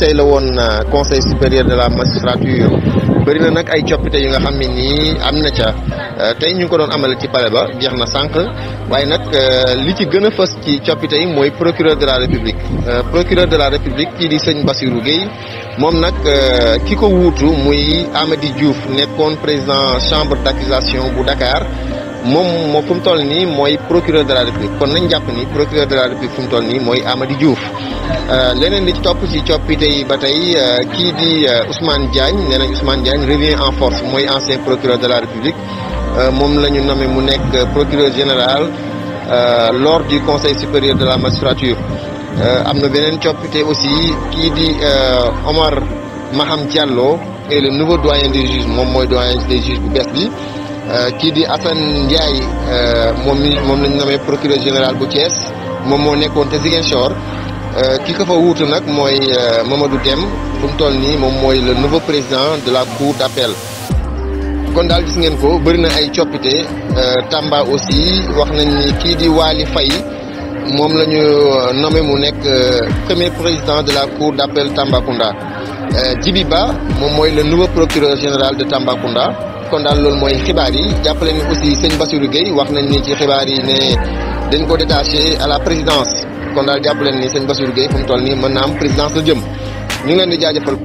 tey la woon euh, conseil supérieur de la magistrature bëri na nag ay coppite yu nga xamni ni amna am na ca euh, tey ñu ko doon amale ci palais ba jeex sank waye nak euh, li ci gëna fess ci coppite yi moy procureur de la république procureur de la république ki di seigne Bassirou gueye mom nak kiko wutu wuutu muy Amady Diouf nekkoon président chambre d'accusation bu Dakar mom mo fum toll ni moy procureur de la république kon nañ japp ni procureur de la république fum toll ni moy Amady Diouf euh, leneen li ci topp ci coppite yi ba tey euh, kii di euh, Ousmane Diagne nee nañ Ousmane Diagne revient en force mooy ancien procureur de la République moom la ñu nommé mu nekk procureur général lors du conseil supérieur de la magistrature am na beneen coppite aussi kii di Omar Maham Diallo et le nouveau doyen des juges moom mooy doyen des juges bu bees bi kii di Assane Ndiaye moom mi moom la nommé procureur général bu Thiès moom moo nekkoon te Ziguinchor euh, ki ko fa wuutu nag mooy euh, Mamadou Dem, fu mu le nouveau président de la cour d'appel kon daal gis ngeen ko bëri ay euh, Tamba aussi wax nañ ni kii di Waly Faye moom la ñu nommé mu premier président de la cour d'appel Tamba Kunda. Djibiba, moi le nouveau procureur général de Kunda. kon daal loolu mooy xibaar yi ni aussi sëñ Bassirou Gueye wax nañ ni ci xibaar yi ne dañ ko détaché à la présidence kon daal jàpp leen ni sëñ Bassirou Gueye fu mu toll nii mën naa am présidence la jëm ñu ngi leen di jaajëfal.